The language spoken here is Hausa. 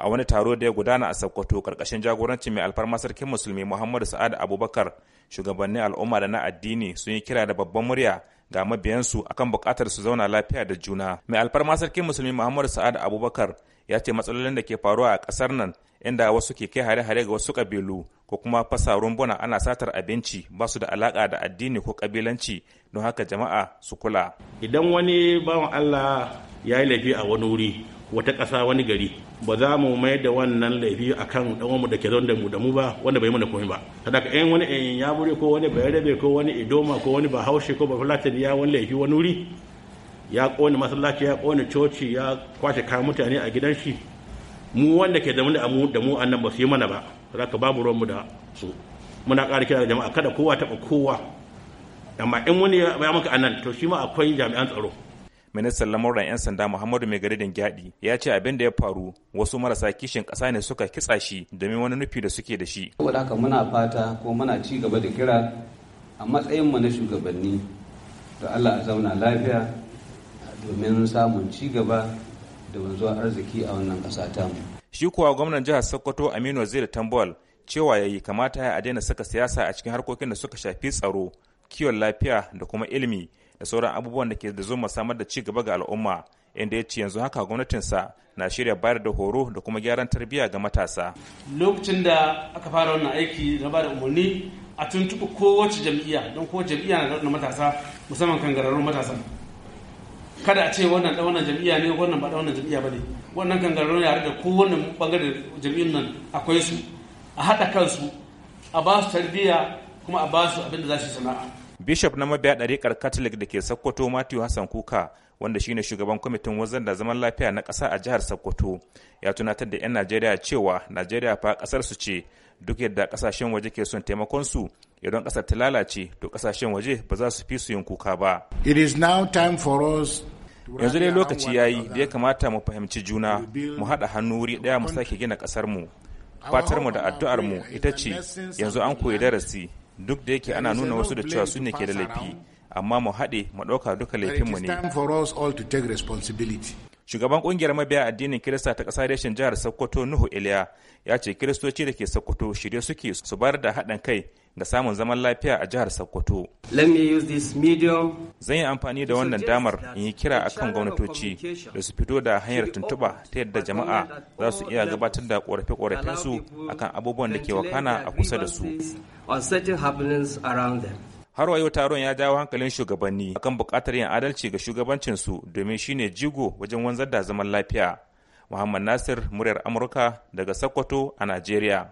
a wani taro da ya gudana a Sokoto karkashin jagorancin mai alfarma sarkin musulmi Muhammadu Sa'ad Abubakar shugabannin al'umma da na addini sun yi kira da babban murya ga mabiyansu akan bukatar su zauna lafiya da juna. Mai alfarma sarkin musulmi Muhammadu Sa'ad Abubakar ya ce matsalolin da ke faruwa a kasar nan inda wasu ke kai hare-hare ga wasu kabilu ko kuma fasa rumbuna ana satar abinci ba su da alaka da addini ko kabilanci don haka jama'a su kula. Idan wani bawan Allah ya yi laifi a wani wuri wata ƙasa wani gari ba za mu mai da wannan laifi a kan ɗanwanmu da ke zaune da mu da mu ba wanda bai mana komai ba daga in wani ɗan buri ko wani rabe ko wani idoma ko wani bahaushe ko bafulatani ya wani laifi wani wuri ya ƙone masallaci ya ƙone coci ya kwashe kayan mutane a gidan shi mu wanda ke zaune da mu da mu annan ba su yi mana ba sadaka babu ruwanmu da su muna ƙara kira da jama'a kada kowa taɓa kowa amma in wani ya maka annan to shi ma akwai jami'an tsaro ministan lamuran 'yan sanda muhammadu mai garidin gyadi ya ce abin da ya faru wasu marasa kishin ƙasa ne suka kitsa shi domin wani nufi da suke da shi saboda haka muna fata ko muna ci gaba da kira a matsayin matsayinmu na shugabanni da allah a zauna lafiya domin samun ci gaba da wanzuwar arziki a wannan ƙasa mu shi kuwa gwamnan jihar sokoto aminu waziri tambol cewa ya yi kamata a daina saka siyasa a cikin harkokin da suka shafi tsaro kiwon lafiya da kuma ilimi da sauran abubuwan da ke da zuma samar da ci gaba ga al'umma inda ya ce yanzu haka gwamnatinsa na shirya bayar da horo da kuma gyaran tarbiyya ga matasa. Lokacin da aka fara wannan aiki na ba da umarni a tuntuɓi kowace jam'iyya don kowace jam'iyya na da matasa musamman kan gararrun matasa. Kada a ce wannan da wannan jam'iyya ne wannan ba da wannan jam'iyya ba ne. Wannan kan gararrun yare da kowane bangare jam'iyyun nan akwai su a haɗa kansu a ba su tarbiyya kuma a ba su abin da za su sana'a. bishop na mabiya ɗariƙar catholic da ke sokoto matthew hassan kuka wanda shine shugaban kwamitin wazan da zaman lafiya na ƙasa a jihar sokoto ya tunatar da 'yan najeriya cewa najeriya fa ƙasar su ce duk yadda ƙasashen waje ke son taimakon su idan ƙasar ta lalace to ƙasashen waje ba za su fi su yin kuka ba it is time for us yanzu dai lokaci ya yi da ya kamata mu fahimci juna mu haɗa hannu wuri ɗaya mu sake gina ƙasarmu fatarmu da addu'armu ita ce yanzu an koyi darasi duk da yake ana nuna wasu da cewa su ne ke da laifi amma mu haɗe mu ɗauka duka laifinmu ne shugaban kungiyar mabiya addinin kirista ta ƙasar reshen jihar sokoto nuhu iliya ya ce kiristoci da ke sokoto shirye suke su bayar da haɗin kai da samun zaman lafiya a jihar Sokoto. Zan yi amfani da wannan damar in yi kira akan gwamnatoci da su fito da hanyar tuntuɓa ta yadda jama'a za su iya gabatar da ƙorafe su akan abubuwan da ke wakana a kusa da su. har wayo taron ya jawo hankalin shugabanni akan buƙatar yin adalci ga shugabancinsu domin shine jigo wajen wanzar da zaman lafiya. Muhammad Nasir, muryar Amurka daga Sokoto a Najeriya.